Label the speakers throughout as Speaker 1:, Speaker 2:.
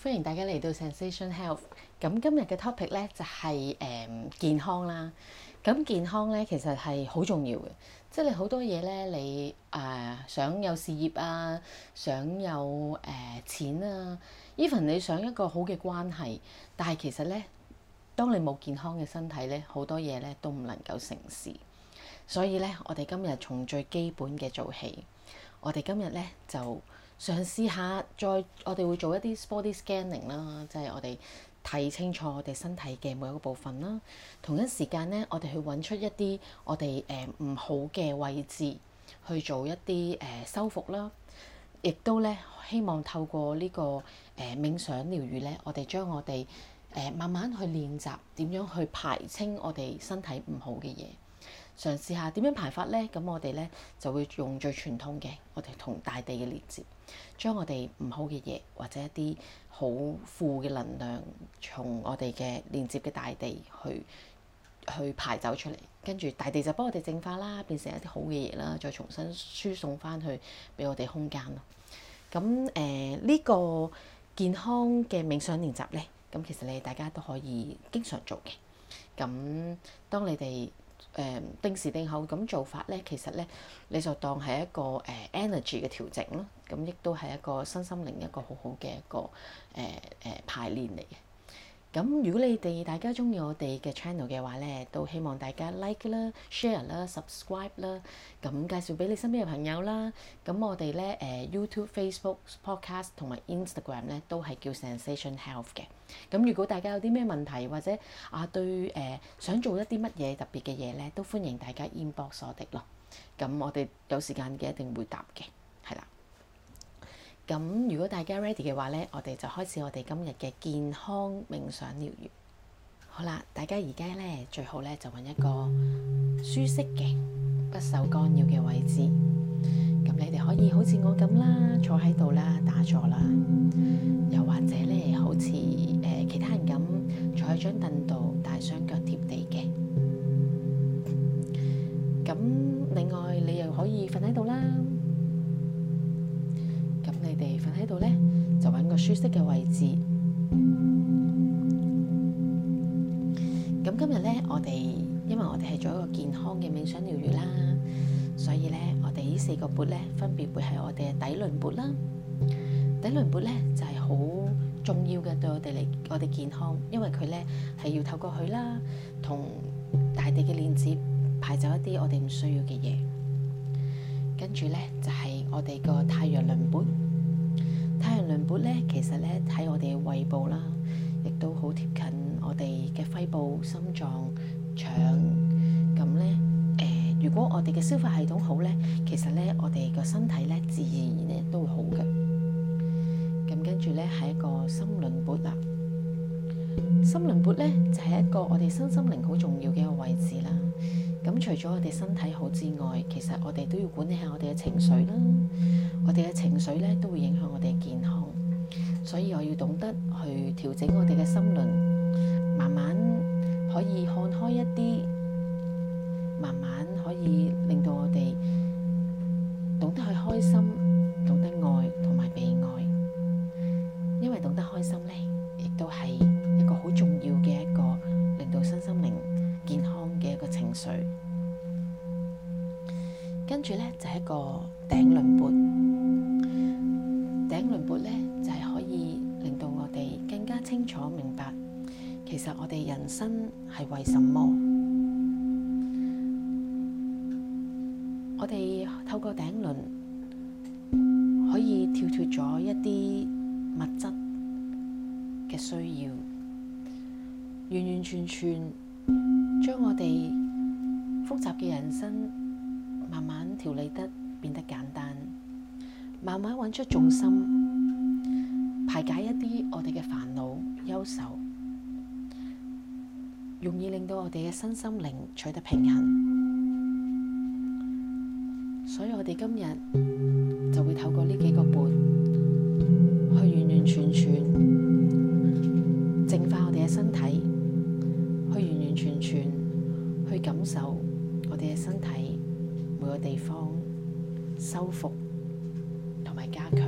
Speaker 1: 歡迎大家嚟到 Zensation Health。咁今日嘅 topic 呢就係、是、誒、嗯、健康啦。咁健康呢，其實係好重要嘅，即係你好多嘢呢，你誒、呃、想有事業啊，想有誒、呃、錢啊，even 你想一個好嘅關係，但係其實呢，當你冇健康嘅身體呢，好多嘢呢都唔能夠成事。所以呢，我哋今日從最基本嘅做起。我哋今日呢就，嘗試下，再我哋會做一啲 body scanning 啦，即係我哋睇清楚我哋身體嘅每一個部分啦。同一時間呢，我哋去揾出一啲我哋誒唔好嘅位置，去做一啲誒、呃、修復啦。亦都呢，希望透過呢、這個、呃、冥想療癒呢，我哋將我哋誒、呃、慢慢去練習點樣去排清我哋身體唔好嘅嘢。嘗試下點樣排法咧？咁我哋咧就會用最傳統嘅，我哋同大地嘅連接，將我哋唔好嘅嘢或者一啲好負嘅能量，從我哋嘅連接嘅大地去去排走出嚟，跟住大地就幫我哋淨化啦，變成一啲好嘅嘢啦，再重新輸送翻去俾我哋空間咯。咁誒呢個健康嘅冥想練習咧，咁其實你哋大家都可以經常做嘅。咁當你哋。誒、呃、定時定候咁做法咧，其實咧你就當係一個誒、呃、energy 嘅調整咯，咁亦都係一個身心靈一個好好嘅一個誒誒、呃呃、排練嚟嘅。咁如果你哋大家中意我哋嘅 channel 嘅話咧，都希望大家 like 啦、share 啦、subscribe 啦，咁介紹俾你身邊嘅朋友啦。咁我哋咧誒 YouTube Facebook, Podcast、Facebook、Podcast 同埋 Instagram 咧都係叫 Zensation Health 嘅。咁如果大家有啲咩問題或者啊對誒、呃、想做一啲乜嘢特別嘅嘢咧，都歡迎大家 inbox 我哋咯。咁我哋有時間嘅一定會答嘅，係啦。咁如果大家 ready 嘅話呢，我哋就開始我哋今日嘅健康冥想療愈。好啦，大家而家呢，最好呢，就揾一個舒適嘅、不受干擾嘅位置。咁你哋可以好似我咁啦，坐喺度啦，打坐啦。又或者呢，好似誒、呃、其他人咁坐喺張凳度，但係雙腳貼地嘅。咁另外，你又可以瞓喺度啦。喺度咧，就揾個舒適嘅位置。咁今日咧，我哋因為我哋係做一個健康嘅冥想療愈啦，所以咧，我哋呢四個缽咧，分別會係我哋嘅底輪缽啦。底輪缽咧就係、是、好重要嘅，對我哋嚟我哋健康，因為佢咧係要透過佢啦，同大地嘅連接，排走一啲我哋唔需要嘅嘢。跟住咧就係、是、我哋個太陽輪缽。太陽輪缽咧，其實咧喺我哋嘅胃部啦，亦都好貼近我哋嘅肺部、心臟、腸，咁咧，誒、呃，如果我哋嘅消化系統好咧，其實咧我哋個身體咧自然咧都會好嘅。咁跟住咧係一個心輪缽啦，心輪缽咧就係、是、一個我哋身心靈好重要嘅一個位置啦。咁除咗我哋身體好之外，其實我哋都要管理下我哋嘅情緒啦。我哋嘅情緒咧都會影響我哋嘅健康，所以我要懂得去調整我哋嘅心輪，慢慢可以看開一啲。我哋透過頂輪，可以跳脱咗一啲物質嘅需要，完完全全將我哋複雜嘅人生慢慢調理得變得簡單，慢慢揾出重心，排解一啲我哋嘅煩惱、憂愁，容易令到我哋嘅身心靈取得平衡。所以我哋今日就會透過呢幾個缽，去完完全全淨化我哋嘅身體，去完完全全去感受我哋嘅身體每個地方修復同埋加強。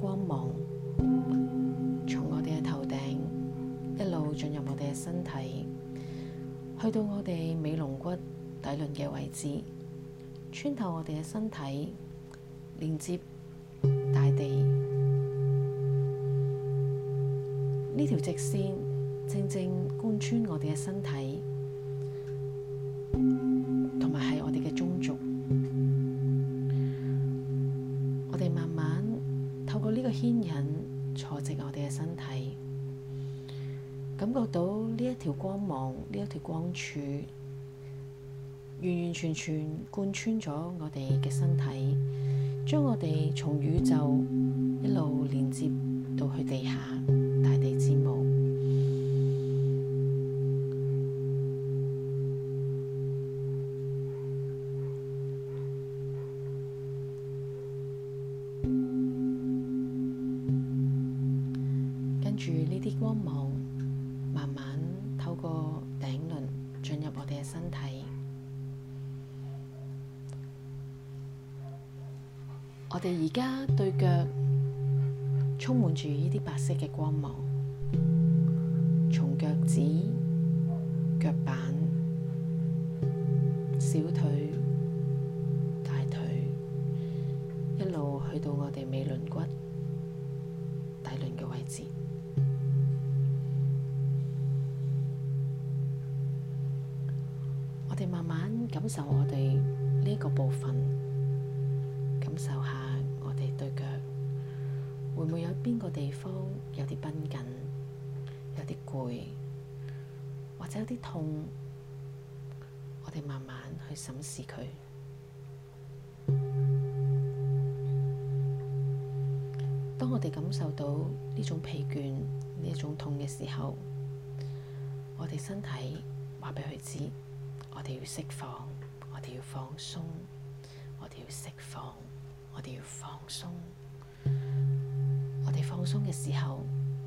Speaker 1: 光芒從我哋嘅頭頂一路進入我哋嘅身體，去到我哋尾龍骨底輪嘅位置，穿透我哋嘅身體，連接大地。呢條直線正正貫穿我哋嘅身體。完完全全貫穿咗我哋嘅身體，將我哋從宇宙一路連接到去地下。到我哋尾輪骨、底輪嘅位置，我哋慢慢感受我哋呢個部分，感受下我哋對腳會唔會有邊個地方有啲繃緊、有啲攰，或者有啲痛，我哋慢慢去審視佢。我哋感受到呢種疲倦，呢種痛嘅時候，我哋身體話畀佢知，我哋要釋放，我哋要放鬆，我哋要釋放，我哋要放鬆。我哋放鬆嘅時候，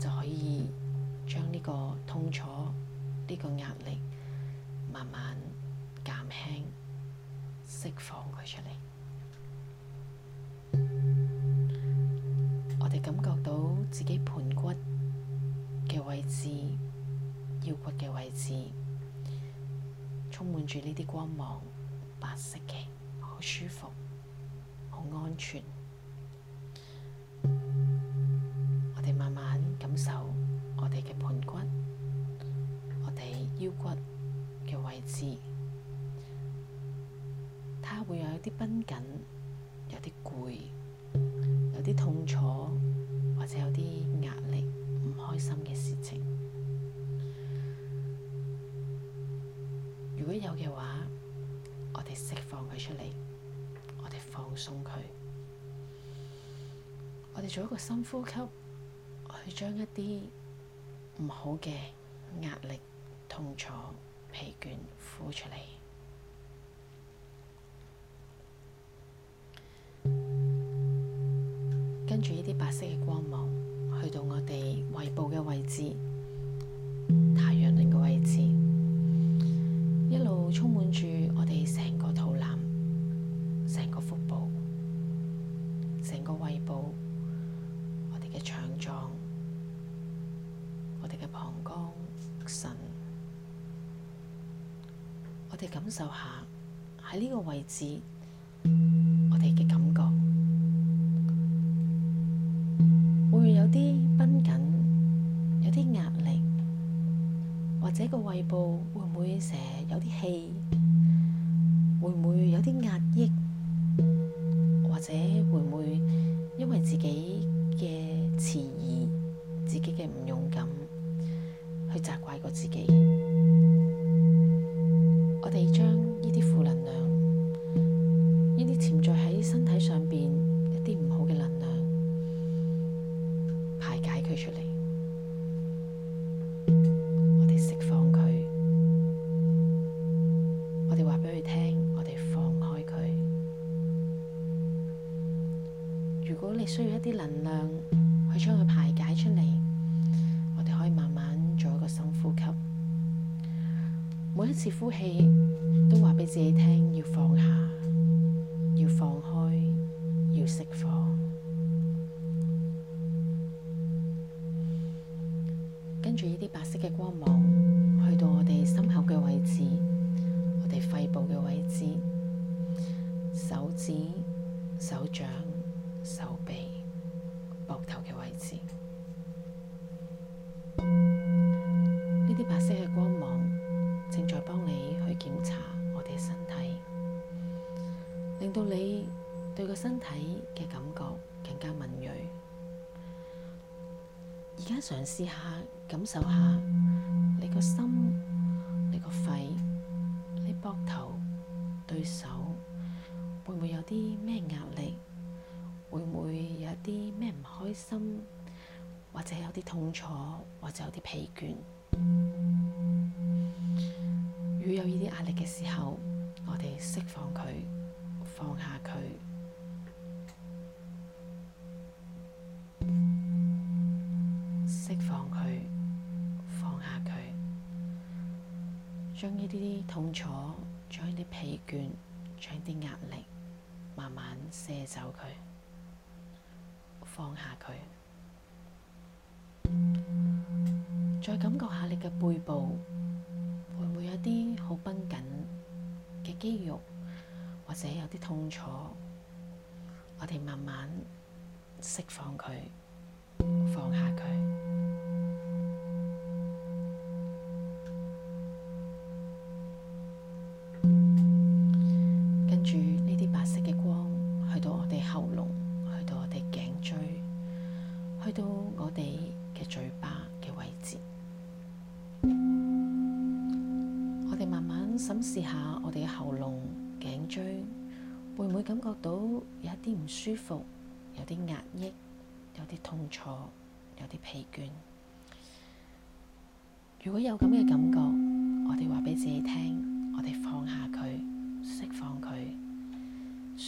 Speaker 1: 就可以將呢個痛楚，呢個壓力慢慢減輕、釋放佢出嚟。到自己盆骨嘅位置、腰骨嘅位置，充滿住呢啲光芒，白色嘅，好舒服，好安全。我哋慢慢感受我哋嘅盆骨、我哋腰骨嘅位置，
Speaker 2: 它會有一啲繃
Speaker 1: 緊，有啲攰，有啲痛楚。或者有啲壓力、唔開心嘅事情，如果有嘅話，我哋釋放佢出嚟，我哋放鬆佢，我哋做一個深呼吸，去將一啲唔好嘅壓力、痛楚、疲倦呼出嚟。住呢啲白色嘅光芒，去到我哋胃部嘅位置、太陽輪嘅位置，一路充滿住我哋成個肚腩、成個腹部、成個胃部，我哋嘅腸臟、我哋嘅膀胱、腎，我哋感受下喺呢個位置。過自己。跟住呢啲白色嘅光芒，去到我哋心口嘅位置，我哋肺部嘅位置，手指、手掌、手臂、膊頭嘅位置。呢啲白色嘅光芒正在幫你去檢查我哋身體，令到你對個身體嘅感覺更加敏銳。而家嘗試下。感受下你個心、你個肺、你膊頭、對手，會唔會有啲咩壓力？會唔會有啲咩唔開心？或者有啲痛楚，或者有啲疲倦？如果有呢啲壓力嘅時候，我哋釋放佢，放下佢。痛楚，將啲疲倦，將啲壓力，慢慢卸走佢，放下佢。再感覺下你嘅背部，會唔會有啲好繃緊嘅肌肉，或者有啲痛楚？我哋慢慢釋放佢，放下佢。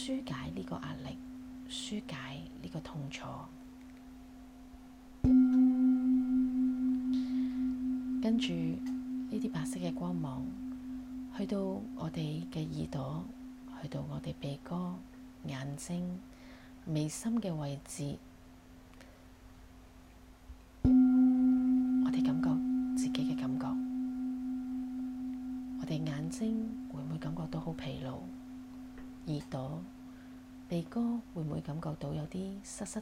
Speaker 1: 舒解呢個壓力，舒解呢個痛楚，跟住呢啲白色嘅光芒去到我哋嘅耳朵，去到我哋鼻哥、眼睛、眉心嘅位置。濕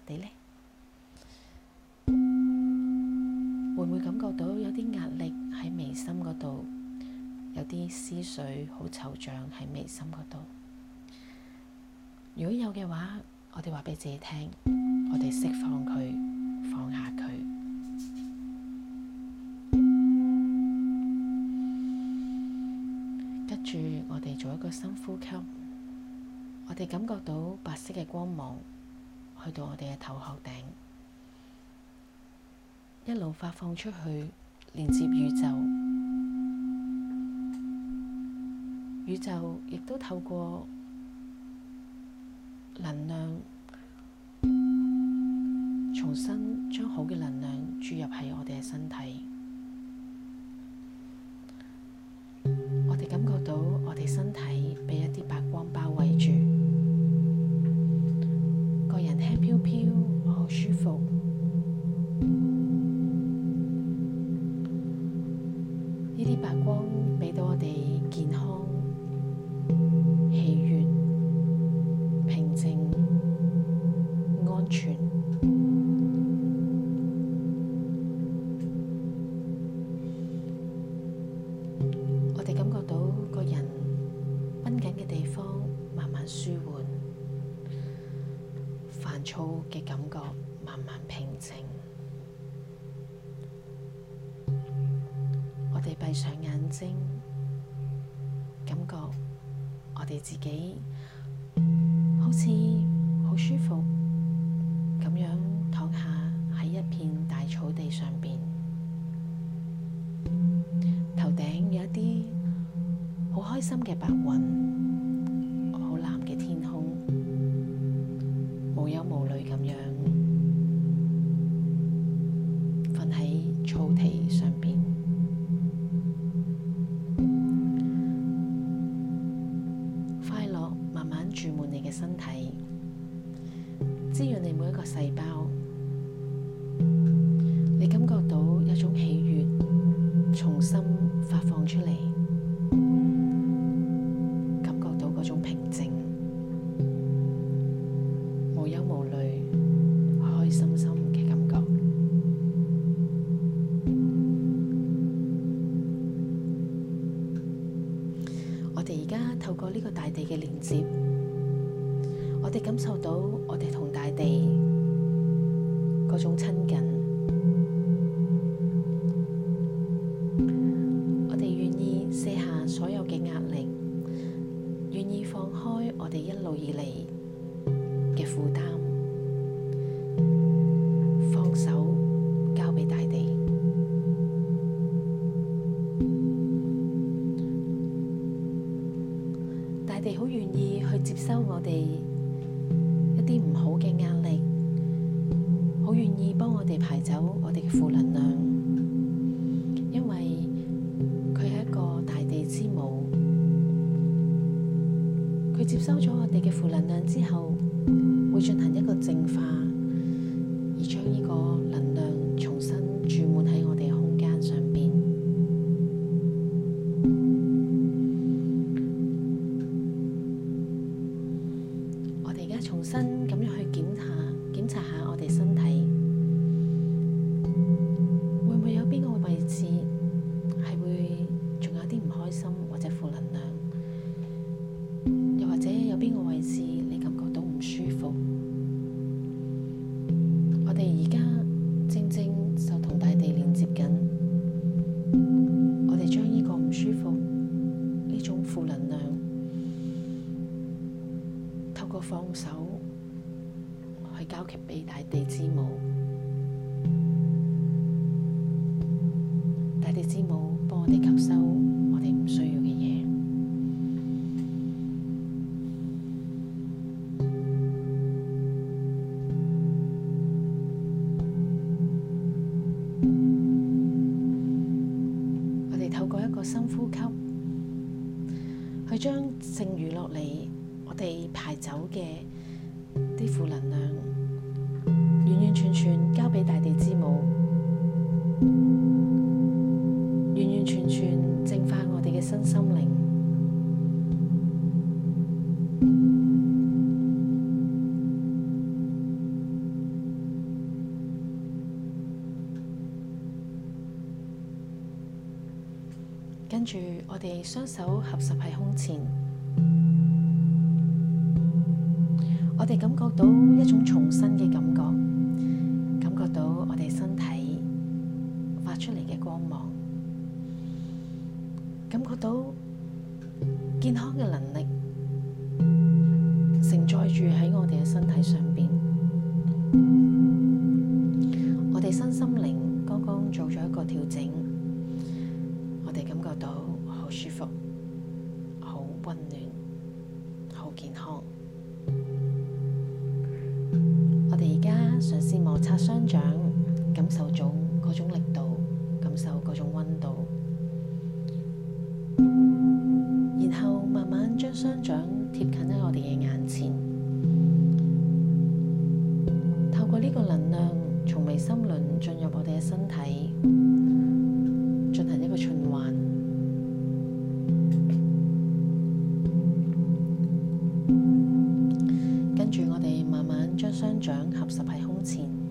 Speaker 1: 會唔會感覺到有啲壓力喺眉心嗰度？有啲思緒好惆悵喺眉心嗰度。如果有嘅話，我哋話俾自己聽，我哋釋放佢，放下佢。跟住我哋做一個深呼吸，我哋感覺到白色嘅光芒。去到我哋嘅頭殼頂，一路發放出去，連接宇宙，宇宙亦都透過能量，重新將好嘅能量注入喺我哋嘅身體。上眼睛，感覺我哋自己好似好舒服，咁樣躺下喺一片大草地上面，頭頂有一啲好開心嘅白雲。排走我哋嘅負能量，因為佢係一個大地之母，佢接收咗我哋嘅負能量之後，會進行一個淨化，而將呢個能量。深呼吸，去將剩餘落嚟我哋排走嘅啲負能量，完完全全交畀大地之母。住，我哋雙手合十喺胸前，我哋感覺到一種重生嘅感覺，感覺到我哋身體發出嚟嘅光芒，感覺到健康嘅能力，承載住喺我哋嘅身體上邊，我哋身心靈剛剛做咗一個調整。感覺到好舒服，好溫暖，好健康。我哋而家嘗試摩擦雙掌，感受種嗰種力度，感受嗰種溫度，然後慢慢將雙掌貼近喺我哋嘅眼前，透過呢個能量從眉心輪進入我哋嘅身體，進行一個循環。雙掌合十喺胸前。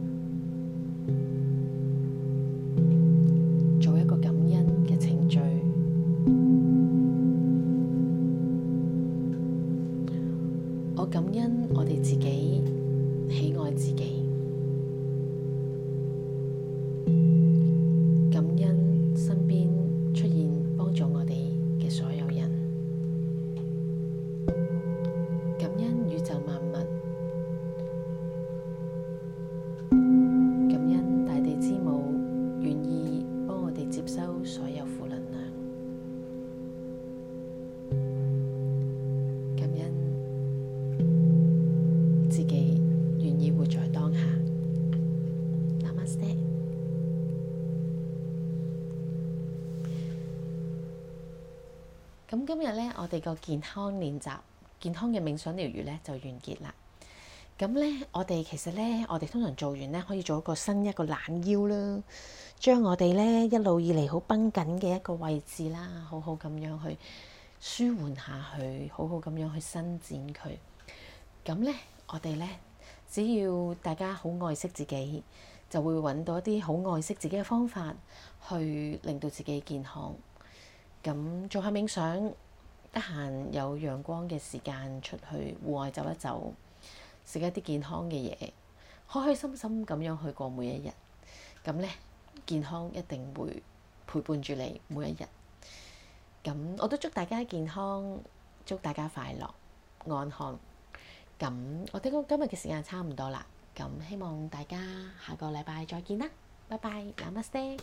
Speaker 1: 呢個健康練習，健康嘅冥想療癒咧就完結啦。咁咧，我哋其實咧，我哋通常做完咧，可以做一個伸一個懶腰啦，將我哋咧一路以嚟好繃緊嘅一個位置啦，好好咁樣去舒緩下佢，好好咁樣去伸展佢。咁咧，我哋咧，只要大家好愛惜自己，就會搵到一啲好愛惜自己嘅方法去令到自己健康。咁做下冥想。得閒有，有陽光嘅時間出去戶外走一走，食一啲健康嘅嘢，開開心心咁樣去過每一日，咁咧健康一定會陪伴住你每一日。咁我都祝大家健康，祝大家快樂安康。咁我哋今今日嘅時間差唔多啦，咁希望大家下個禮拜再見啦，拜拜，Namaste。